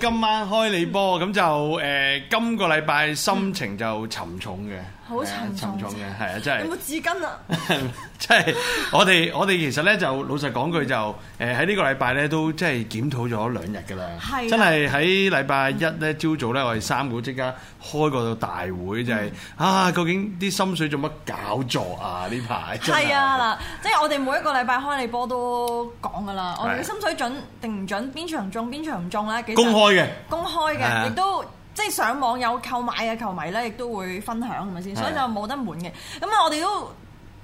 今晚開你波咁就誒，今個禮拜心情就沉重嘅，好沉重嘅，係啊，真係有冇紙巾啊？即係我哋我哋其實咧就老實講句就誒喺呢個禮拜咧都即係檢討咗兩日㗎啦，係真係喺禮拜一咧朝早咧我哋三個即刻開過大會，就係啊，究竟啲心水做乜搞作啊呢排真係係啊嗱，即係我哋每一個禮拜開你波都講㗎啦，我哋嘅心水準定唔準邊場中邊場唔中咧幾？公開嘅，公開嘅，亦都即係上網有購買嘅球迷咧，亦都會分享係咪先？所以就冇得悶嘅。咁啊，我哋都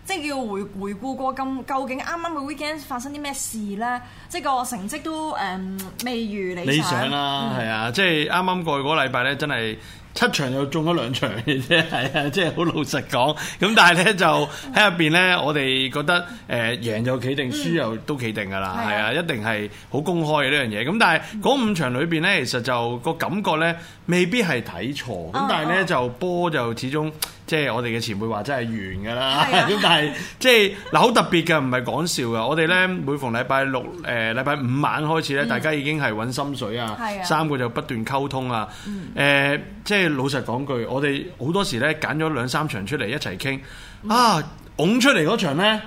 即係要回回顧過咁，究竟啱啱嘅 weekend 發生啲咩事咧？即係個成績都誒、嗯、未如理想啦，係啊！嗯、的即係啱啱過去嗰個禮拜咧，真係～七場又中咗兩場嘅啫，係 啊，即係好老實講。咁但係呢，就喺入邊呢，我哋覺得誒、呃、贏就企定，嗯、輸又都企定㗎啦，係、嗯、啊，一定係好公開嘅呢樣嘢。咁但係嗰五場裏邊呢，其實就個感覺呢，未必係睇錯。咁、嗯、但係呢，嗯嗯、就波就始終。即係我哋嘅前輩話，真係完㗎啦。咁但係即係嗱，好特別㗎，唔係講笑㗎。我哋呢，每逢禮拜六、呃、禮拜五晚開始呢，嗯、大家已經係揾心水啊，嗯、三個就不斷溝通啊、嗯呃。即係老實講句，我哋好多時呢，揀咗兩三場出嚟一齊傾、嗯、啊，拱出嚟嗰場咧。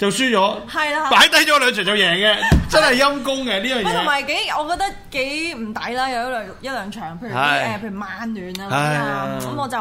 就輸咗，係啦，擺低咗兩場就贏嘅，真係陰公嘅呢樣嘢。同埋幾我覺得幾唔抵啦，有一兩一兩場，譬如誒、呃，譬如曼聯啊，咁我就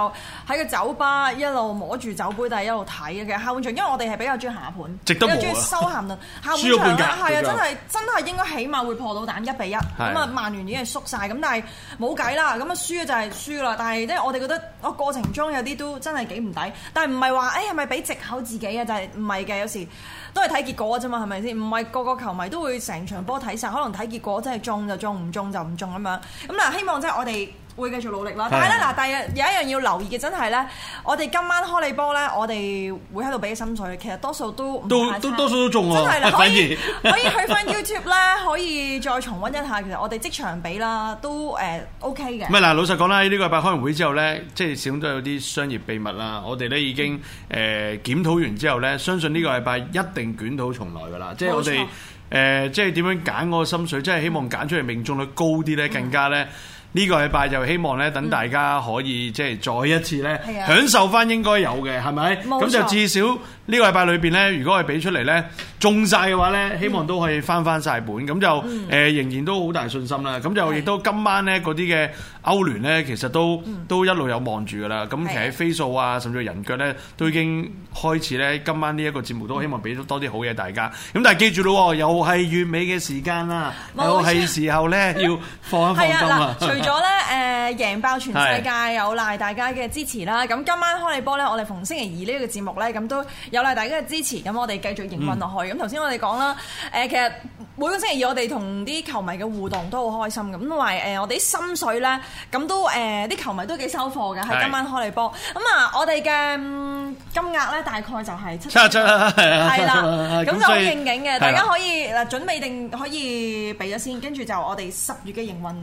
喺個酒吧一路摸住酒杯，但係一路睇嘅下半場，因為我哋係比較中意下盤，比較中意收閑嘅下半場，係啊，真係真係應該起碼會破到蛋一比一。咁啊，曼聯已經縮晒。咁但係冇計啦，咁啊，輸就係輸啦。但係即係我哋覺得，我過程中有啲都真係幾唔抵，但係唔係話，哎呀，係咪俾藉口自己啊，就係唔係嘅，有時。都係睇結果啫嘛，係咪先？唔係個個球迷都會成場波睇曬，可能睇結果真係中就中，唔中就唔中咁樣。咁嗱，希望即係我哋。會繼續努力啦。但係咧，嗱、啊，但係有一樣要留意嘅，真係咧，我哋今晚開你波咧，我哋會喺度俾心水，其實多數都都都多，多數都中喎。真反而啦，可以可以去翻 YouTube 咧， 可以再重溫一下。其實我哋即場畀啦，都 OK 嘅。唔係嗱，老實講啦，呢、呢個禮拜開完會之後咧，即係始終都有啲商業秘密啦。我哋咧已經誒、呃、檢討完之後咧，相信呢個禮拜一定捲土重來㗎啦。即係我哋、呃、即係點樣揀我心水，即係希望揀出嚟命中率高啲咧，更加咧。嗯呢個禮拜就希望咧，等大家可以即係再一次咧，享受翻應該有嘅，係咪？冇錯。咁就至少呢個禮拜裏邊咧，如果係俾出嚟咧，中曬嘅話咧，希望都可以翻翻曬本。咁就誒，仍然都好大信心啦。咁就亦都今晚咧，嗰啲嘅歐聯咧，其實都都一路有望住㗎啦。咁其實喺飛數啊，甚至人腳咧，都已經開始咧。今晚呢一個節目都希望俾多啲好嘢大家。咁但係記住咯，又係月尾嘅時間啦，又係時候咧要放一放心啊！除咗咧，誒、呃、贏爆全世界，有賴大家嘅支持啦。咁今晚開你波咧，我哋逢星期二呢個節目咧，咁都有賴大家嘅支持。咁我哋繼續營運落去。咁頭先我哋講啦，誒其實每個星期二我哋同啲球迷嘅互動都好開心咁，因為誒我哋啲心水咧，咁都誒啲球迷都幾收貨嘅。喺今晚開你波。咁啊、嗯，我哋嘅金額咧，大概就係七， 係啦，咁就好應景嘅。大家可以嗱準備定可以俾咗先，跟住就我哋十月嘅營運。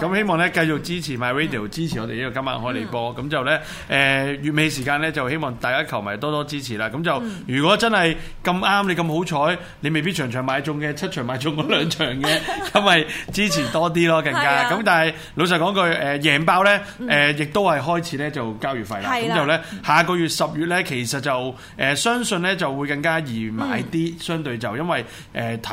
咁希望咧繼續支持 MyRadio、嗯、支持我哋呢個今晚開你波咁就咧，誒月尾時間咧，就希望大家球迷多多支持啦。咁就、嗯、如果真係咁啱，你咁好彩，你未必場場買中嘅，七場買中嗰兩場嘅，咁、嗯、咪 支持多啲咯，更、嗯、加。咁但係老實講句，誒、呃、贏包咧，誒、呃、亦都係開始咧就交月費啦。咁、嗯、就咧下個月十月咧，其實就誒、呃、相信咧就會更加易買啲、嗯，相對就因為誒睇、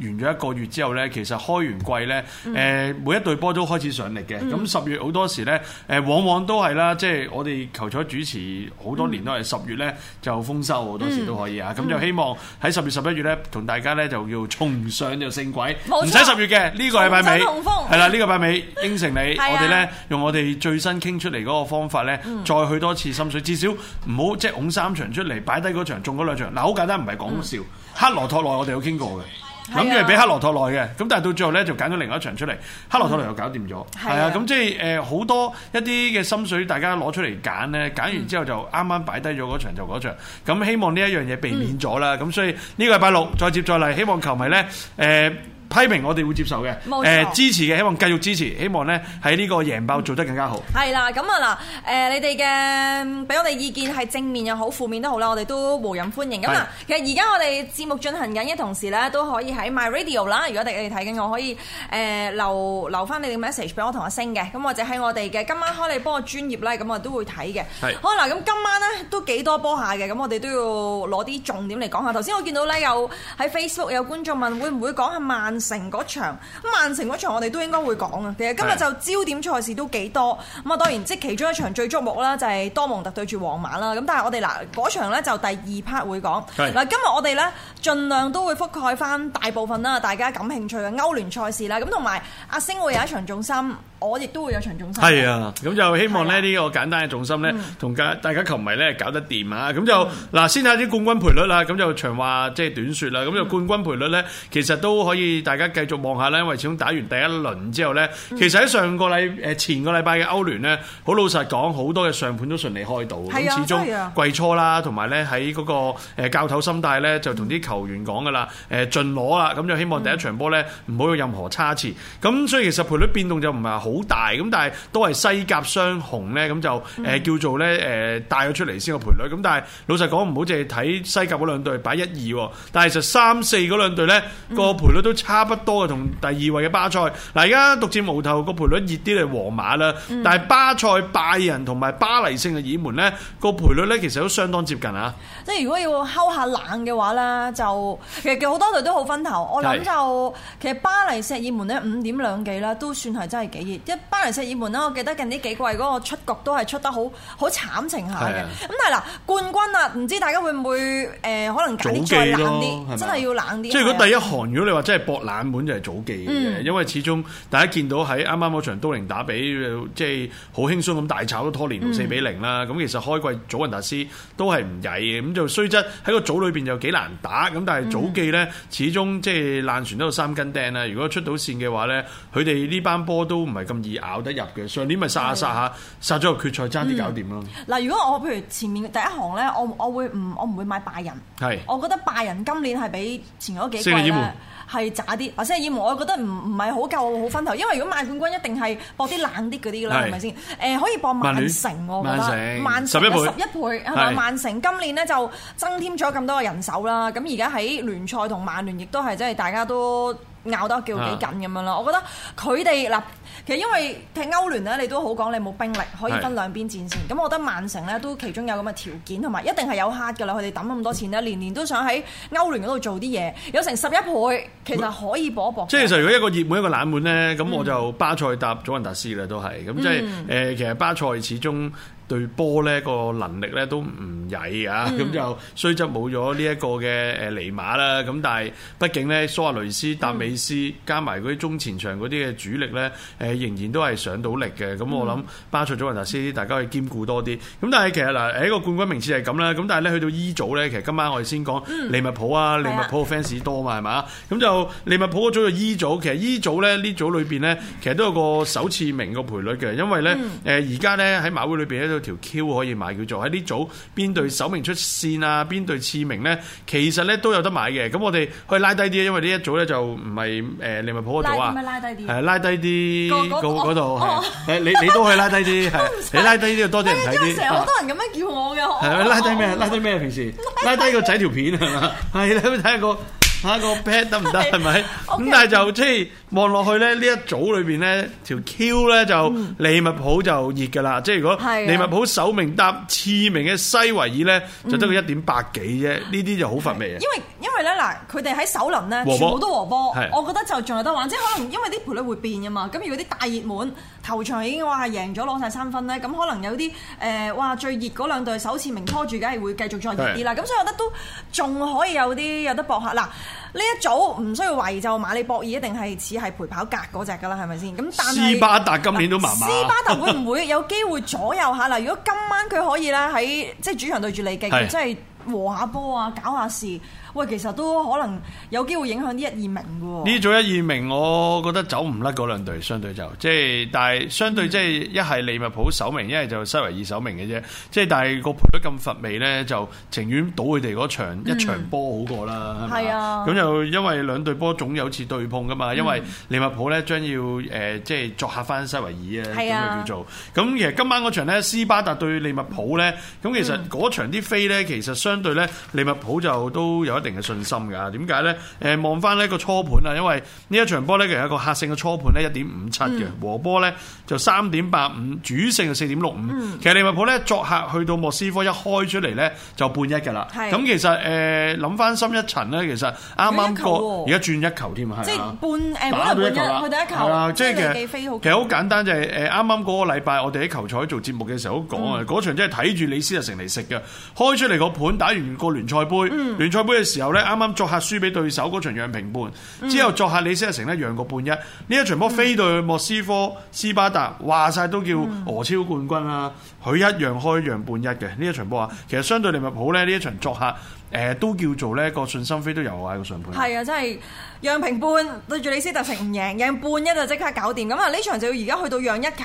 呃、完咗一個月之後咧，其實開完季咧，誒、呃、每一隊波都開始上力嘅，咁十月好多時呢，嗯、往往都係啦，即係我哋球彩主持好多年都係十、嗯、月呢，就豐收好多時都可以啊，咁、嗯、就希望喺十月十一月呢，同大家呢，就要重上升軌，唔使十月嘅呢、呢個係禮拜尾，係啦呢、呢個禮拜尾應承你， 我哋呢，用我哋最新傾出嚟嗰個方法呢，嗯、再去多次深水，至少唔好即係拱三場出嚟，擺低嗰場中嗰兩場，嗱好簡單，唔係講笑，克、嗯、羅托內我哋有傾過嘅。諗住係俾克羅托內嘅，咁、啊、但係到最後呢，就揀咗另一場出嚟，克羅托內又搞掂咗，係、嗯、啊，啊，咁即係誒好多一啲嘅心水，大家攞出嚟揀呢。揀完之後就啱啱擺低咗嗰場就嗰場，咁、嗯、希望呢一樣嘢避免咗啦，咁、嗯啊、所以呢個禮拜六再接再厲，希望球迷呢。誒、呃。批評我哋會接受嘅、呃，支持嘅，希望繼續支持，希望咧喺呢個贏爆做得更加好、嗯。係啦、啊，咁啊嗱，你哋嘅俾我哋意見係正面又好，負面都好啦，我哋都無任歡迎。咁啊，其實而家我哋節目進行緊嘅同時咧，都可以喺 My Radio 啦。如果你哋睇緊，我可以、呃、留留翻你哋 message 俾我同阿星嘅。咁或者喺我哋嘅今晚開你波幫我專業咧，咁我都會睇嘅。的。好啦，咁今晚咧都幾多波下嘅，咁我哋都要攞啲重點嚟講下。頭先我見到咧，有喺 Facebook 有觀眾問會唔會講下慢？曼城嗰場，咁曼城嗰場我哋都應該會講啊。其實今日就焦點賽事都幾多，咁啊當然即其中一場最矚目啦，就係多蒙特對住皇馬啦。咁但係我哋嗱嗰場呢，就第二 part 會講。嗱，今日我哋呢，盡量都會覆蓋翻大部分啦，大家感興趣嘅歐聯賽事啦，咁同埋阿星會有一場重心。我亦都會有場重心、啊，係啊，咁就希望咧呢個簡單嘅重心咧，同大家球迷咧搞得掂啊！咁就嗱，嗯、先睇下啲冠軍賠率啦，咁就長話即係短説啦，咁就冠軍賠率咧，其實都可以大家繼續望下呢。因為始終打完第一輪之後咧，嗯、其實喺上個禮誒前個禮拜嘅歐聯咧，好老實講，好多嘅上盤都順利開到，咁、啊、始終季初啦，同埋咧喺嗰個教頭心帶咧，就同啲球員講噶啦，誒盡攞啦，咁就希望第一場波咧唔好有任何差池，咁所以其實賠率變動就唔係。好大咁，但係都係西甲雙雄咧，咁就誒叫做咧誒帶咗出嚟先個賠率。咁、嗯、但係老實講，唔好淨係睇西甲嗰兩隊擺一二，但係其實三四嗰兩隊咧個賠率都差不多嘅，同第二位嘅巴塞。嗱，而家獨占無頭個賠率熱啲係皇馬啦，但係巴塞、拜仁同埋巴黎聖日爾門咧個賠率咧，其實都相當接近啊。即係如果要敲下冷嘅話咧，就其實好多隊都好分頭。我諗就其實巴黎聖日爾門咧五點兩幾啦，都算係真係幾巴黎係熱門啦，我記得近啲幾季嗰個出局都係出得好好慘情下嘅。咁係啦，冠軍啊，唔知大家會唔會、呃、可能睇你再冷啲，真係要冷啲。即係如果第一行，如果你話真係搏冷門，就係祖記嘅。嗯、因為始終大家見到喺啱啱嗰場都靈打比，即係好輕鬆咁大炒都拖連奴四比零啦。咁其實開季祖雲達斯都係唔曳嘅，咁就雖則喺個組裏面就幾難打。咁但係祖記呢，始終即係爛船都有三斤釘啦。如果出到線嘅話呢，佢哋呢班波都唔係。咁易咬得入嘅，上年咪殺下殺一下，殺咗個決賽爭啲搞掂咯。嗱，如果我譬如前面第一行咧，我我會唔我唔會買拜仁，係，我覺得拜仁今年係比前嗰幾季係渣啲。阿斯爾我覺得唔唔係好夠好分頭，因為如果買冠軍一定係博啲冷啲嗰啲啦，係咪先？誒、呃，可以博曼城，係咪啊？曼城十一倍，十一倍係咪？曼城今年咧就增添咗咁多個人手啦，咁而家喺聯賽同曼聯亦都係即係大家都咬得叫幾緊咁樣啦。我覺得佢哋嗱。其實因為踢歐聯咧，你都好講你冇兵力可以分兩邊戰線。咁我覺得曼城咧都其中有咁嘅條件同埋，一定係有客㗎啦。佢哋抌咁多錢咧，年年都想喺歐聯嗰度做啲嘢，有成十一倍，其實可以搏一搏。即係其實如果一個熱門一個冷門咧，咁、嗯、我就巴塞搭祖雲達斯啦，都係咁即係、呃、其實巴塞始終。對波呢個能力呢都唔曳啊！咁、嗯、就雖則冇咗呢一個嘅誒尼馬啦，咁但係畢竟呢，蘇亞雷斯、達美斯加埋嗰啲中前場嗰啲嘅主力呢，仍然都係上到力嘅。咁、嗯、我諗巴塞、祖雲達斯大家可以兼顧多啲。咁但係其實嗱，一個冠軍名次係咁啦。咁但係呢，去到 E 組呢，其實今晚我哋先講利物浦啊、嗯，利物浦嘅 fans 多嘛係咪？咁、啊、就利物浦嗰組就 E 組，其實 E 組呢，呢組裏面呢，其實都有個首次名嘅賠率嘅，因為呢，而家呢，喺馬會裏邊條 Q 可以買，叫做喺呢組邊隊首名出線啊，邊隊次名咧，其實咧都有得買嘅。咁我哋可以的去拉低啲，因為呢一組咧就唔係誒利物浦嗰組啊，係拉低啲，拉嗰嗰度誒，你你都可以拉低啲，係 你拉低啲就多啲人睇啲。成日好多人咁樣叫我嘅，係咪拉低咩？拉低咩？平時拉低個仔條片係嘛？係你睇下個睇下 個， 個、啊、個 pad 得唔得？係 咪？咁、okay，但係就即係。 望落去咧，呢一組裏面咧，條 Q 咧就、嗯、利物浦就熱㗎啦、嗯。即係如果利物浦首名搭次名嘅西維爾咧、嗯，就得佢一點八幾啫。呢、嗯、啲就好乏味。因為因為咧嗱，佢哋喺首輪咧全部都和波，和波，我覺得就仲有得玩。即係可能因為啲賠率會變㗎嘛。咁如果啲大熱門頭場已經話係贏咗攞晒三分咧，咁可能有啲誒、呃、哇最熱嗰兩隊首次名拖住，梗係會繼續再熱啲啦。咁所以我覺得都仲可以有啲有得搏下嗱。呢一組唔需要懷疑，就馬里博爾一定係似係陪跑格嗰隻㗎喇，係咪先？咁但係斯巴達今年都麻麻。斯巴達會唔會有機會左右下啦？ 如果今晚佢可以咧喺即係主場對住利記，即係是的 和下波啊，搞下事。喂，其實都可能有機會影響呢一二名喎。呢組一二名，我覺得走唔甩嗰兩隊，相對就即係，但係相對即係一係利物浦首名，一係就西維爾首名嘅啫。即係但係個盤咁乏味呢，就情願賭佢哋嗰場一場波、嗯、好過啦。係、嗯、啊，咁就因為兩隊波總有一次對碰噶嘛。因為利物浦呢將要誒即係作客翻西維爾啊，咁就叫做咁。咁其實今晚嗰場咧，斯巴達對利物浦呢，咁其實嗰場啲飛呢，嗯、其實相對呢，利物浦就都有一。一定嘅信心㗎，點解咧？誒，望翻呢個初盤啊，因為呢一場波咧，其實一個客勝嘅初盤咧，一點五七嘅，和波咧就三點八五，主勝就四點六五。其實利物浦咧作客去到莫斯科一開出嚟咧，就半一㗎啦。咁其實誒諗翻深一層咧，其實啱啱過而家轉一球添啊，即係半誒可能半一去第一球，啊就是、即係其實好，其實好簡單就係誒啱啱嗰個禮拜我哋喺球賽做節目嘅時候都講啊，嗰、嗯、場真係睇住李斯特城嚟食嘅，開出嚟個盤打完個聯賽杯，嗯、聯賽杯嘅。時候咧，啱啱作客輸俾對手嗰場讓平半、嗯，之後作客李斯特城咧讓過半一，呢一場波飛對莫斯科斯巴達，話、嗯、晒，都叫俄超冠軍啊。佢、嗯、一樣開讓半一嘅呢一場波啊，其實相對利物浦咧呢一場作客、呃、都叫做咧個信心飛都有啊。矮個上盤，係啊，真讓平半對住李斯特城唔贏，贏半一就即刻搞掂咁啊！呢場就要而家去到讓一球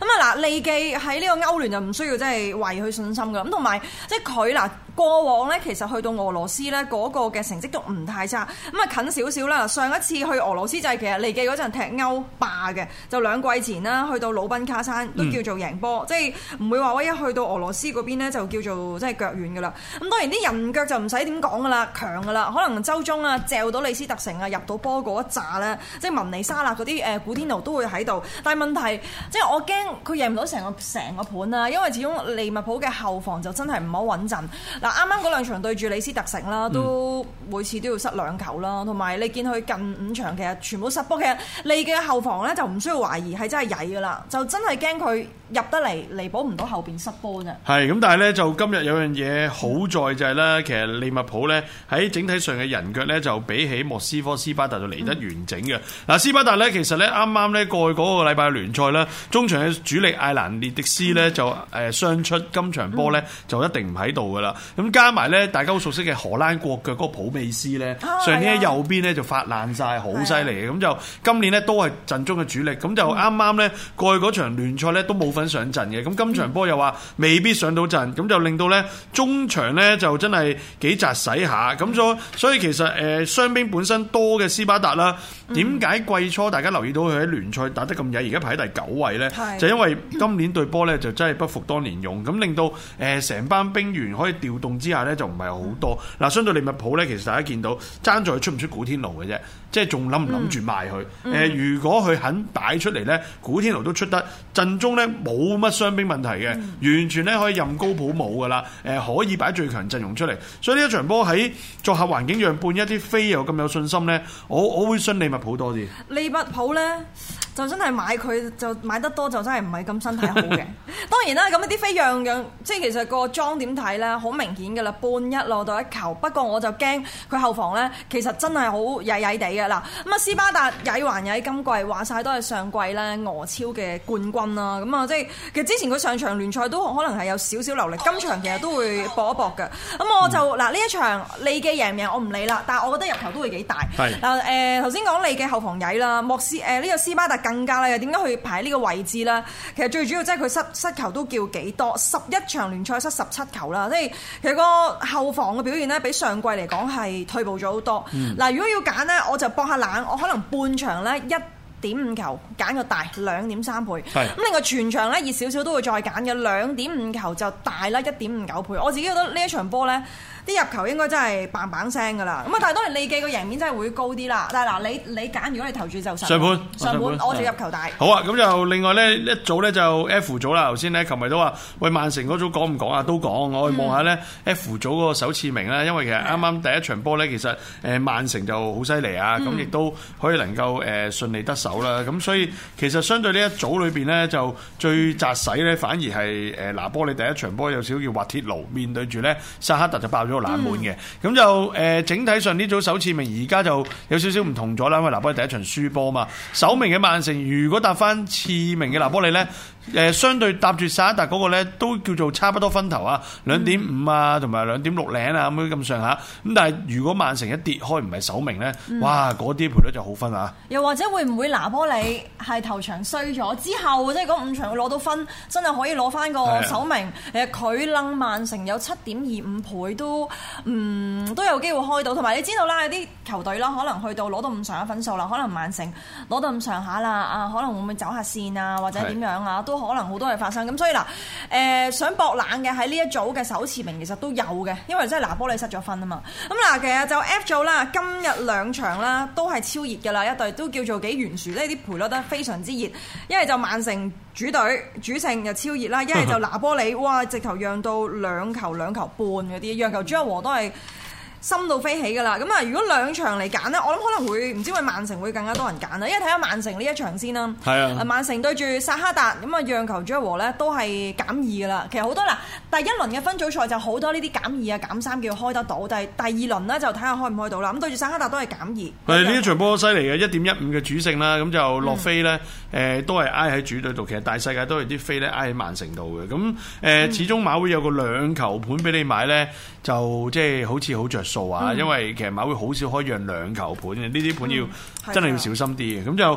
咁啊！嗱，利記喺呢個歐聯就唔需要即係懷疑佢信心噶，咁同埋即係佢嗱過往呢，其實去到俄羅斯呢嗰、嗰個嘅成績都唔太差，咁啊近少少啦。上一次去俄羅斯就係其實利記嗰陣踢歐霸嘅，就兩季前啦，去到魯賓卡山都叫做贏波，嗯、即係唔會話話一去到俄羅斯嗰邊咧就叫做即係腳軟噶啦。咁當然啲人腳就唔使點講噶啦，強噶啦，可能周中啊掙到李斯特城啊到波嗰一拃咧，即係文尼沙拿嗰啲誒古天奴都會喺度，但係問題即係我驚佢贏唔到成個成個盤啦，因為始終利物浦嘅後防就真係唔好穩陣。嗱啱啱嗰兩場對住李斯特城啦，都每次都要失兩球啦，同埋你見佢近五場其實全部失波，嘅，其實利物浦後防咧就唔需要懷疑係真係曳噶啦，就真係驚佢入得嚟彌補唔到後邊失波啫。係咁，但係咧就今日有樣嘢好在就係、是、咧，其實利物浦咧喺整體上嘅人腳咧就比起莫斯科斯斯巴達就嚟得完整嘅。嗱、嗯，斯巴達咧，其實咧啱啱咧過去嗰個禮拜聯賽咧，中場嘅主力艾蘭列迪斯咧就誒傷出、嗯，今場波咧就一定唔喺度噶啦。咁加埋咧，大家好熟悉嘅荷蘭國腳嗰個普美斯咧、哦，上年喺右邊咧就發爛晒，好犀利嘅。咁、哎、就今年咧都係陣中嘅主力，咁、嗯、就啱啱咧過去嗰場聯賽咧都冇份上陣嘅。咁今場波又話未必上到陣，咁、嗯、就令到咧中場咧就真係幾雜使下。咁所所以其實誒傷兵本身多。嘅斯巴達啦，點解季初大家留意到佢喺聯賽打得咁曳，而家排喺第九位呢？就因為今年對波呢，就真係不復當年勇。咁令到誒成班兵員可以調動之下呢，就唔係好多。嗱，相對利物浦呢，其實大家見到爭在佢出唔出古天奴嘅啫，即係仲諗唔諗住賣佢誒？如果佢肯擺出嚟呢，古天奴都出得，陣中呢，冇乜傷兵問題嘅，完全呢可以任高普舞㗎喇。誒，可以擺最強陣容出嚟，所以呢一場波喺作客環境讓半一啲飛友咁有信心呢。我我會信利物浦多啲。利物浦咧。就真係買佢就買得多就真係唔係咁身體好嘅。 當然啦，咁一啲飛樣樣，即係其實個裝點睇咧，好明顯㗎啦，半一落到一球。不過我就驚佢後防咧，其實真係好曳曳地㗎啦。咁啊，斯巴達曳還曳，今季話晒都係上季咧俄超嘅冠軍啦。咁啊，即係其實之前佢上場聯賽都可能係有少少流力，今場其實都會搏一搏嘅。咁、嗯、我就嗱呢一場利記贏唔贏我唔理啦，但係我覺得入球都會幾大。嗱頭先講利記後防曳啦，莫斯呢個、呃、斯巴達。更加啦，又點解去排呢個位置呢？其實最主要即係佢失失球都叫幾多？十一場聯賽失十七球啦，即係其實個後防嘅表現呢，比上季嚟講係退步咗好多。嗱、嗯，如果要揀呢，我就搏下冷，我可能半場呢，一點五球，揀個大兩點三倍。咁另外全場呢，熱少少都會再揀嘅兩點五球就大啦一點五九倍。我自己覺得呢一場波呢。啲入球應該真係棒棒聲噶啦，咁啊，但係當然利記個贏面真係會高啲啦。但係嗱，你你揀，如果你投注就上盤，上盤我就入球大。好啊，咁就另外咧一組咧就 F 組啦。頭先咧，琴日都話喂，曼城嗰組講唔講啊？都講，我去望下咧 F 組嗰個首次名啦。因為其實啱啱第一場波咧，其實誒曼城就好犀利啊，咁亦都可以能夠誒順利得手啦。咁所以其實相對呢一組裏邊咧，就最扎使咧，反而係誒嗱波，你第一場波有少少滑鐵盧，面對住咧薩克特就爆。都冷門嘅，咁就誒，整體上呢組首次名，而家就有少少唔同咗啦，因為拿波利第一場輸波嘛，首名嘅曼城如果搭翻次名嘅拿波利咧。誒，相對搭住沙，但嗰個咧都叫做差唔多分頭啊，兩點五啊，同埋兩點六零啊咁樣咁上下。咁但係如果曼城一跌開唔係首名咧，哇嗰啲賠率就好分啊！又或者會唔會拿波你係頭場衰咗之後， 即係嗰五場攞到分，真係可以攞翻個首名？誒，佢諗曼城有七點二五倍都嗯都有機會開到。同埋你知道啦，有啲球隊啦，可能去到攞到五場嘅分數啦，可能曼城攞到咁上下啦，啊可能會唔會走下線啊，或者點樣啊？都可能好多嘢發生咁，所以嗱，誒、呃、想搏冷嘅喺呢一組嘅首次名其實都有嘅，因為真係拿波利失咗分啊嘛。咁、嗯、嗱，其實就 F 組啦，今日兩場啦都係超熱㗎啦，一隊都叫做幾懸殊，呢啲賠率都非常之熱。一係就曼城主隊主勝就超熱啦，一係就拿波利，哇！直頭讓到兩球兩球半嗰啲，讓球主客和都係。心到飛起噶啦！咁啊，如果兩場嚟揀呢，我諗可能會唔知為曼城會更加多人揀啦，因為睇下曼城呢一場先啦。係啊，曼城對住薩克達，咁啊讓球主和呢都係減二噶啦。其實好多嗱，第一輪嘅分組賽就好多呢啲減二啊、減三叫開得到，但係第二輪呢，就睇下開唔開到啦。咁對住薩克達都係減二。係呢一場波犀利嘅，一點一五嘅主勝啦，咁就落飛呢，誒、嗯、都係挨喺主隊度。其實大世界都係啲飛呢挨喺曼城度嘅，咁誒、呃、始終馬會有個兩球盤俾你買呢。就即係好似好着數啊！嗯、因為其實馬會好少可以讓兩球盤嘅，呢啲盤要、嗯、要真係要小心啲，咁就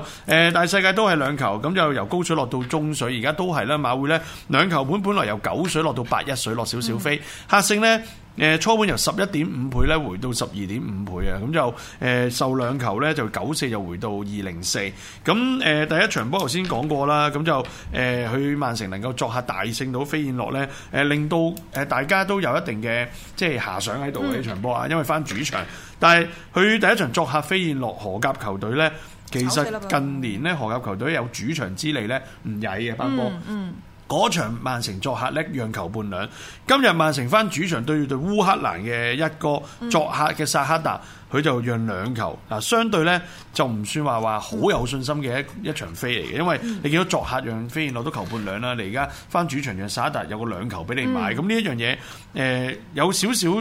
大、呃、世界都係兩球，咁就由高水落到中水，而家都係啦。馬會呢兩球盤本來由九水落到八一水落少少飛，嗯、客勝呢？誒初盤由十一點五倍咧回到十二點五倍啊，咁就誒、呃、受兩球咧就九四就回到二零四，咁、呃、誒第一場波頭先講過啦，咁就誒、呃、去曼城能夠作客大勝到飛燕落咧，令到大家都有一定嘅即係遐想喺度嘅呢場波啊，嗯、因為返主場，但係佢第一場作客飛燕落荷甲球隊咧，其實近年咧荷甲球隊有主場之利咧唔曳嘅，班波。嗯嗯嗰場曼城作客咧，讓球半兩，今日曼城返主場對對烏克蘭嘅一個作客嘅薩克達。嗯佢就讓兩球，嗱、啊、相對咧就唔算話話好有信心嘅一一場飛嚟嘅，因為你見到作客讓飛攞到球半兩啦，你而家返主場讓沙達有個兩球俾你買，咁呢一樣嘢誒、呃、有少少隱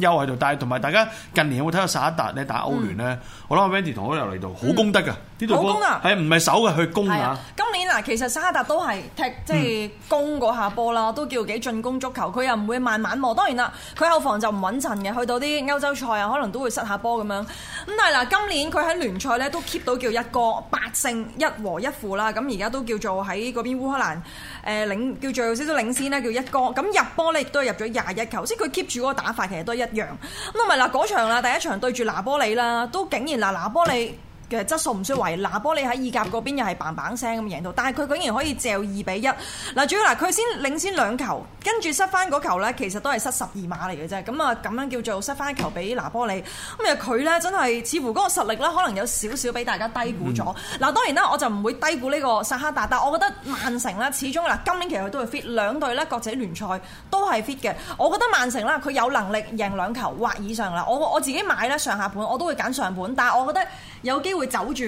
憂喺度，但係同埋大家近年有冇睇過沙達咧打歐聯咧？嗯、我諗阿 Wendy 同我又嚟到，好攻得㗎，呢度好攻啊、欸，係唔係守嘅去攻啊？今年嗱、啊，其實沙達都係踢即係、就是、攻嗰下波啦，嗯、都叫幾進攻足球，佢又唔會慢慢磨。當然啦，佢後防就唔穩陣嘅，去到啲歐洲賽啊，可能都會失下波。咁樣，咁但係嗱，今年佢喺聯賽咧都 keep 到叫一哥，八勝一和一負啦，咁而家都叫做喺嗰邊烏克蘭誒領，叫做少少領先啦，叫一哥，咁入波咧亦都係入咗廿一球，即係佢 keep 住嗰個打法，其實都一樣。咁啊，咪嗱，嗰場啦，第一場對住拿波里啦，都竟然嗱拿波利，其實質素唔出衞，拿波利喺意甲嗰邊又係棒棒聲咁贏到，但係佢竟然可以借二比一。嗱，主要嗱佢先領先兩球，跟住失翻嗰球呢，其實都係失十二碼嚟嘅啫。咁啊，咁樣叫做失翻球俾拿波利。咁啊，佢呢真係似乎嗰個實力呢，可能有少少俾大家低估咗。嗱、嗯，當然啦，我就唔會低估呢個薩克達，但我覺得曼城咧，始終嗱，今年其實佢都會 fit 兩隊咧，國際聯賽都係 fit 嘅。我覺得曼城啦，佢有能力贏兩球或以上啦。我我自己買呢，上下盤，我都會揀上盤，但係我覺得有機。都會走住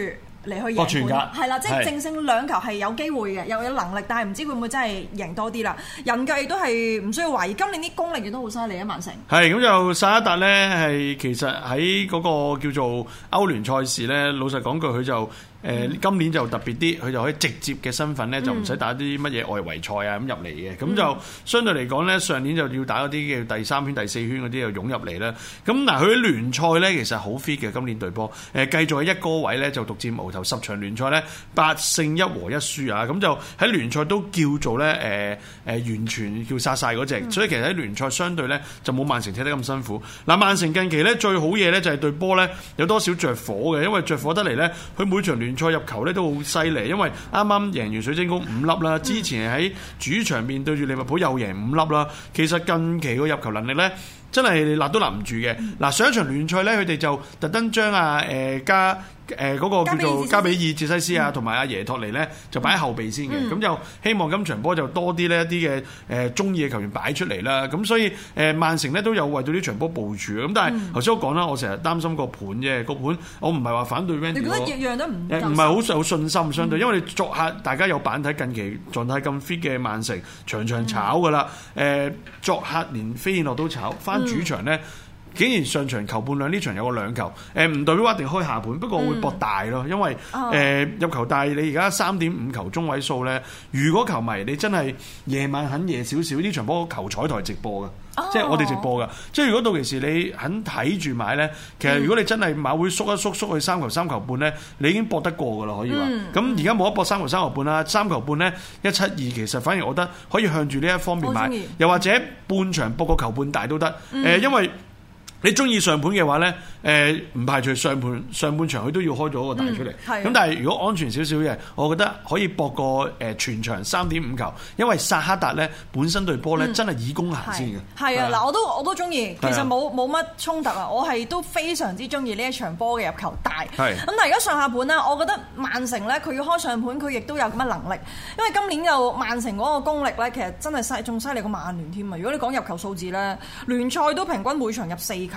嚟去贏，係啦，即係淨勝兩球係有機會嘅，又有能力，但係唔知會唔會真係贏多啲啦。人腳都係唔需要懷疑，今年啲攻擊力亦都好犀利啊！曼城係咁就薩一達咧，係其實喺嗰個叫做歐聯賽事咧，老實講句，佢就。嗯、今年就特別啲，佢就可以直接嘅身份咧，就唔使打啲乜嘢外圍賽啊，咁入嚟嘅，咁、嗯、就相對嚟講咧，上年就要打嗰啲叫第三圈、第四圈嗰啲又湧入嚟啦。咁嗱，佢喺聯賽咧其實好 fit 嘅，今年對波誒繼續喺一個位咧就獨佔鰲頭，十場聯賽咧八、嗯、勝一和一輸啊，咁就喺聯賽都叫做咧、呃、完全叫殺晒嗰隻，所以其實喺聯賽相對咧就冇曼城踢得咁辛苦。嗱，曼城近期咧最好嘢咧就係對波咧有多少着火嘅，因為着火得嚟咧，佢每場聯再入球咧都好犀利，因為啱啱贏完水晶宮五粒啦，之前喺主場面對住利物浦又贏五粒啦。其實近期個入球能力咧真係立都立唔住嘅。嗱，上一場聯賽咧，佢哋就特登將啊誒加。誒、呃、嗰、那個叫做加比爾哲西斯、斯啊，同、嗯、埋阿耶托尼咧就擺喺後備先嘅，咁、嗯、就希望今場波就多啲呢一啲嘅誒中意嘅球員擺出嚟啦。咁所以誒曼城咧都有為到呢場波部署，咁但係頭先我講啦，我成日擔心個盤啫，個盤我唔係話反對。你覺得樣樣都唔唔唔係好有信心相對、嗯、因為你作客大家有板睇近期狀態咁 fit 嘅曼城，場場炒噶啦。誒、嗯呃、作客連飛燕諾都炒，翻主場咧。嗯竟然上場球半兩呢場有個兩球，唔代表一定開下盤，不過我會博大咯、嗯嗯，因為、呃、入球大，你而家三點五球中位數呢。如果球迷你真係夜晚肯夜少少呢場波球彩台直播㗎、哦，即係我哋直播㗎。即係如果到其時你肯睇住買呢，其實如果你真係馬、嗯、會縮一縮縮去三球三球半呢，你已經博得過噶啦，可以話。咁而家冇得博三球三球半啦，三球半呢，一七二其實反而我覺得可以向住呢一方面買，又或者半場博個球半大都得、呃嗯，因為。你中意上盤嘅話呢，誒、呃、唔排除上盤上半場佢都要開咗一個大出嚟。咁、嗯、但係如果安全少少嘅，我覺得可以博個誒全場三點五球，因為薩克達呢本身對波呢真係以攻行先嘅。係、嗯、啊，嗱，我都我都中意，其實冇冇乜衝突啊，我係都非常之中意呢一場波嘅入球大。咁但係而家上下盤呢，我覺得曼城呢，佢要開上盤，佢亦都有咁嘅能力，因為今年又曼城嗰個功力呢，其實真係犀仲犀利過曼聯添啊！如果你講入球數字呢，聯賽都平均每場入四球。球咁即係唔係近？誒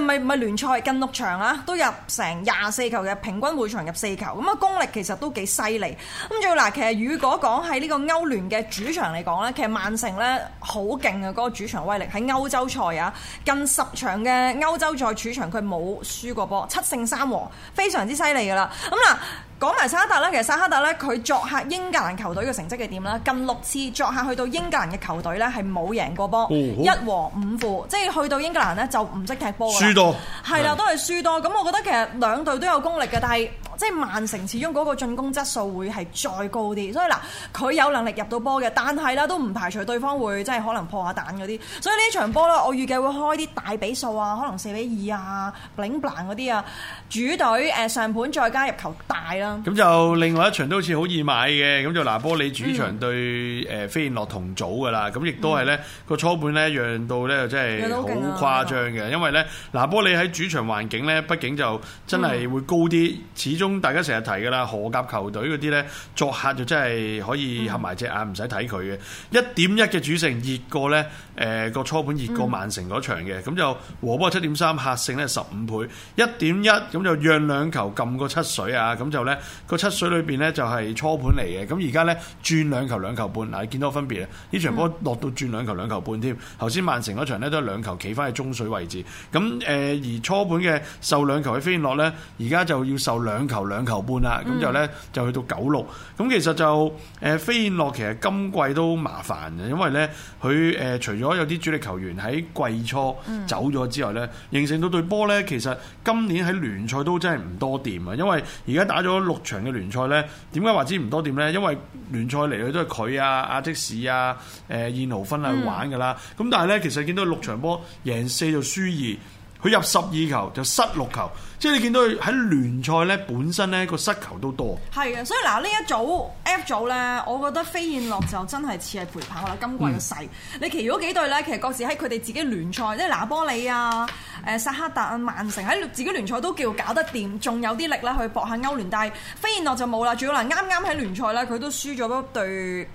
唔係唔係聯賽近六場啊，都入成廿四球嘅，平均每場入四球，咁啊功力其實都幾犀利。咁仲要嗱，其實如果講喺呢個歐聯嘅主場嚟講呢，其實曼城呢，好勁嘅，嗰個主場威力喺歐洲賽啊，近十場嘅歐洲賽主場佢冇輸過波，七勝三和，非常之犀利噶啦。咁、嗯、嗱。講埋沙特咧，其實沙特咧佢作客英格蘭球隊嘅成績係點咧？近六次作客去到英格蘭嘅球隊咧，係冇贏過波，哦，一和五負，即係去到英格蘭咧就唔識踢波。輸多係啦，都係輸多。咁我覺得其實兩隊都有功力嘅，但係，即係曼城，始終嗰個進攻質素會係再高啲，所以嗱，佢有能力入到波嘅，但係啦，都唔排除對方會即係可能破下蛋嗰啲。所以呢場波咧，我預計會開啲大比數啊，可能四比二啊，領攔嗰啲啊，主隊誒上盤再加入球大啦。咁就另外一場都好似好易買嘅，咁就拿波利主場對誒飛燕諾同組噶啦，咁、嗯、亦都係咧個初盤咧讓到咧真係好誇張嘅，因為咧拿波利喺主場環境咧，畢竟就真係會高啲，始終。大家成日提噶啦，荷甲球隊嗰啲呢，作客就真係可以合埋隻眼，唔使睇佢嘅。1 .1 呃、一點一嘅主勝熱過呢誒個初盤熱過曼城嗰場嘅，咁、嗯、就和波七點三客勝呢十五倍，一點一咁就讓兩球撳個七水啊，咁就呢個七水裏邊呢就係初盤嚟嘅，咁而家呢，轉兩球兩球半，嗱你見到分別啊？呢場波落到轉兩球兩球半添，頭先曼城嗰場呢都係兩球企翻喺中水位置，咁誒、呃、而初盤嘅受兩球嘅飛燕落呢，而家就要受兩。球兩球半啦，咁就呢，就去到九六，咁其實就誒飛燕諾其實今季都麻煩嘅，因為呢，佢誒除咗有啲主力球員喺季初走咗之外呢，嗯、形成到對波呢。其實今年喺聯賽都真係唔多掂啊！因為而家打咗六場嘅聯賽呢，點解話之唔多掂呢？因為聯賽嚟去都係佢啊阿積士啊誒、呃、燕豪芬啊去玩㗎喇，咁、嗯、但係呢，其實見到六場波贏四就輸二。佢入十二球就失六球，即係你見到佢喺聯賽咧，本身咧個失球都多。係啊，所以嗱呢一組 F 組咧，我覺得飛燕樂就真係似係陪跑啦。今季嘅勢，嗯、你其他嗰幾隊咧，其實各自喺佢哋自己聯賽，即係拿波里啊、誒薩克達啊、曼城喺自己聯賽都叫搞得掂，仲有啲力咧去搏下歐聯，但係飛燕樂就冇啦。主要嗱啱啱喺聯賽咧，佢都輸咗一對。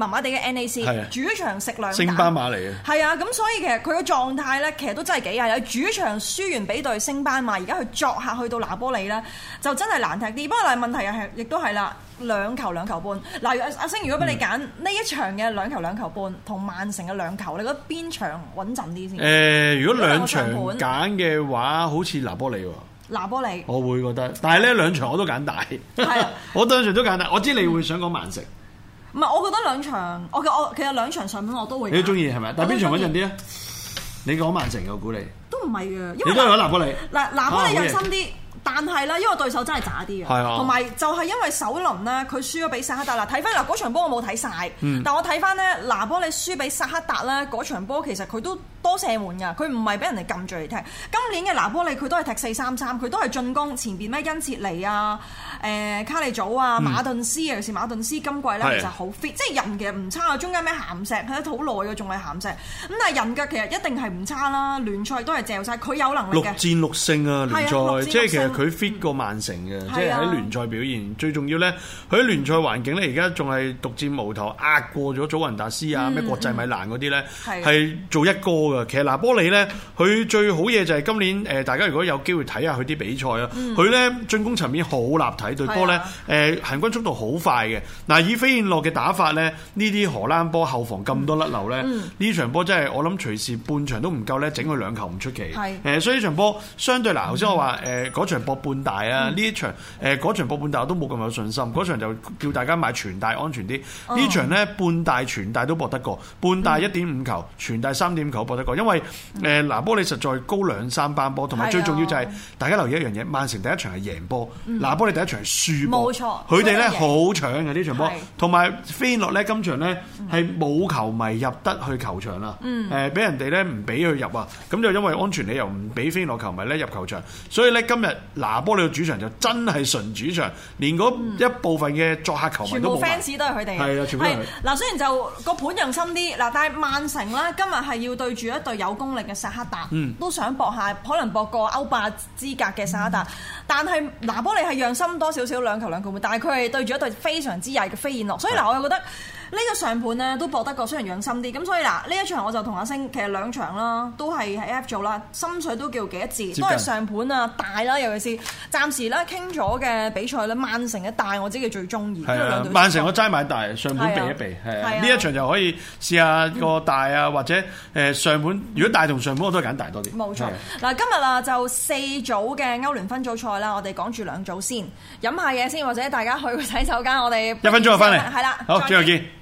麻麻地嘅 NAC、啊、主場食兩球、升班馬嚟嘅，係啊，咁所以其實佢個狀態咧，其實都真係幾啊！有主場輸完比對升班馬，而家去作客去到拿波里咧，就真係難踢啲。不過但係問題又係，亦都係啦，兩球兩球半。嗱、啊，阿阿星，如果俾你揀呢一場嘅兩球兩球半同曼城嘅兩球，你覺得邊場穩陣啲先？如果兩場揀嘅話，好似拿波利喎、哦。拿波利，我會覺得，但係呢兩場我都揀大，啊、 我兩場都揀大。我知你會想講曼城。唔係，我覺得兩場，我我其實兩場上面我都會。你都中意係咪？哦、但係邊場穩陣啲啊？你講曼城，我估你。都唔係嘅，因為嗱。你都係講拿波利，嗱，拿波利用心啲，但係啦，因為對手真係渣啲嘅，同埋、哦、就係因為首輪咧，佢輸咗俾薩克達啦。睇返嗱，嗰場波我冇睇晒，但我睇返呢，拿波利輸俾薩克達咧，嗰場波其實佢都。多射門㗎，佢唔係俾人哋撳住嚟踢。今年嘅拿波利佢都係踢四三三，佢都係進攻前邊咩恩切尼啊、誒、呃、卡利祖啊、馬頓斯、嗯、尤其是馬頓斯今季咧、啊、其實好 fit，即係人其實唔差啊。中間咩鹹石，係啊，好耐嘅仲係鹹石。咁但係人腳其實一定係唔差啦。聯賽都係嚼晒，佢有能力。六戰六勝啊，聯賽、啊、六六即係其實佢 fit 過曼城嘅，嗯、即係喺聯賽表現、啊、最重要咧。佢喺聯賽環境咧，而家仲係獨佔無頭，壓過咗祖雲達斯啊、咩、嗯、國際米蘭嗰啲咧，係做一個。其實嗱，波里呢，佢最好嘢就係今年大家如果有機會睇下佢啲比賽啊，佢、嗯、呢，進攻層面好立體，嗯、對波呢、啊，行軍速度好快嘅。嗱，以飛燕落嘅打法呢，呢啲荷蘭波後防咁多甩漏呢，呢、嗯嗯、場波真係我諗隨時半場都唔夠呢整佢兩球唔出奇。所以呢場波，相對嗱，頭先我話嗰、嗯呃、場搏半大啊，呢、嗯、一場嗰、呃、場搏半大我都冇咁有信心，嗰場就叫大家買全大安全啲。呢、嗯、場呢，半大全大都搏得過，半大一點五球，全大三點球搏。因為誒，嗯、拿波利實在高兩三班波，同埋最重要就係、嗯、大家留意一樣嘢，曼城第一場係贏波，嗯、拿波利第一場輸波，冇錯。佢哋咧好搶嘅呢長場波，同埋菲諾咧今場咧係冇球迷入得去球場啦，誒、嗯，俾人哋咧唔俾佢入啊，咁就因為安全理由唔俾菲諾球迷咧入球場，所以咧今日拿波利嘅主場就真係純主場，連嗰一部分嘅作客球迷都冇。全部 fans 都係佢哋，係、嗯、啦，全部都係。嗱、嗯，雖然就個盤讓深啲，嗱，但係曼城咧今日係要對住。一對有功力嘅薩克達都想搏下，可能搏個歐霸資格嘅薩克達，但係拿玻利係讓心多少少兩球兩個分，但係佢係對住一對非常之曳嘅飛燕諾。所以嗱，我又覺得。呢、這個上盤咧都搏得過，雖然養心啲，咁所以嗱，呢一場我就同阿星，其實兩場啦，都係喺 F 組啦，心水都叫幾一致，都係上盤啊大啦，尤其是暫時咧傾咗嘅比賽咧，曼城嘅大我知佢最中意。係、啊、曼城我齋買大上盤避一避。係呢、啊啊啊、呢一場就可以試下個大啊、嗯，或者上盤，如果大同上盤我都係揀大多啲。冇錯，嗱今日啊就四組嘅歐聯分組賽啦，我哋講住兩組先，飲下嘢先，或者大家去個洗手間，我哋一分鐘就翻嚟。係啦，好，最後見。